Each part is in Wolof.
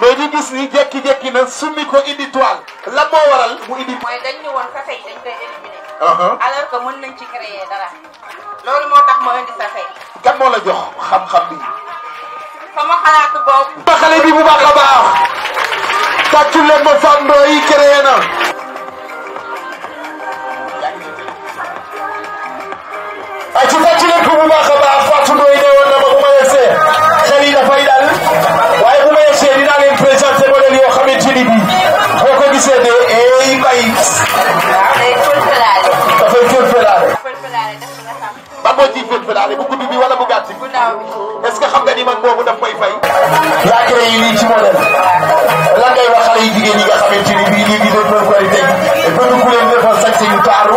mais ñu gis ni jékki-jékki na summi ko indi toile lan moo waral mu indi. mooy dañ ñu woon sachet yi dañ koy éliminer. Uh-huh. alors que mën nañ ci créer dara. loolu moo tax ma indi sachet yi. kan moo la jox xam-xam bi. sama xalaat boobu. ba xale bi bu baax a baax. tàccu leen ma Fane Ndoye créé na. ay ci tàccu leen ko bu baax a gisee ay bay. day fël-fëlaale. dafay fël-fëlaale. fël-fëlaale moo ciy fël-fëlaale bu gudd bi wala bu gàtt bi. bu ndaw bi est-ce que xam nga ni man boobu daf koy fay. yi lii ci modèle. lan ngay wax xale ni bii lii di doon doon leen defal sax si ñu taaru.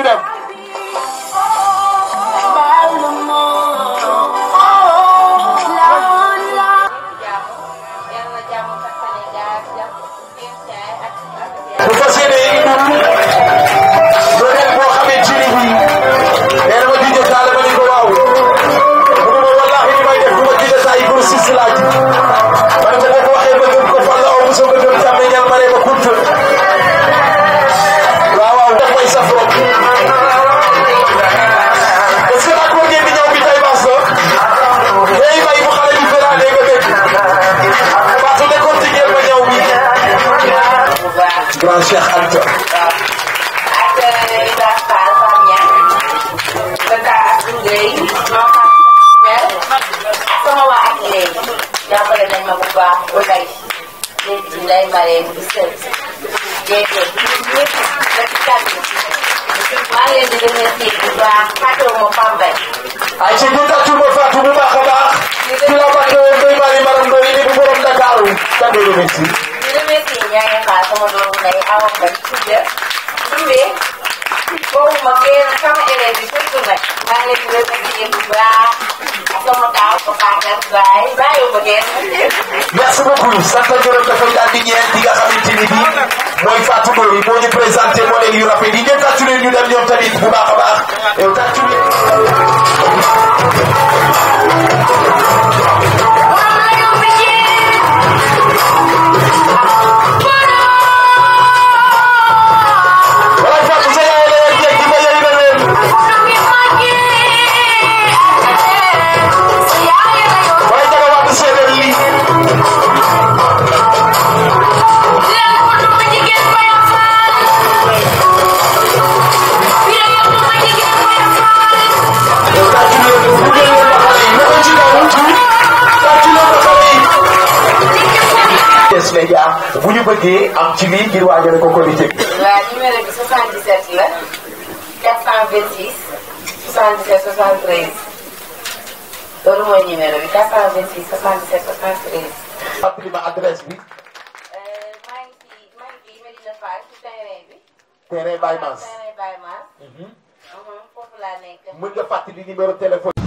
you them. जुलाई डेढ mau mau merci beaucoup sant ak gërëm dafay daal di ñeent yi nga xamante ni bii mooy Fatou Ndoye moo ñu présenté modèle yu rafet yi ngeen tàccu leen ñu dem ñoom tamit bu baax a baax yow tàccu leen bu ñu bëggee am ci lii ngir waajale ko Korité. waaw numéro bi 77 la 426 77 73 loolu mooy numéro bi 426 77 73. fàttali ma bi. Euh, maa ngi ci maa ngi ci Medina Fall ci terrain bi. terrain Baye Mass terrain Baye Mass. Mhm. Mhm, foofu laa nekk. mën nga fàttali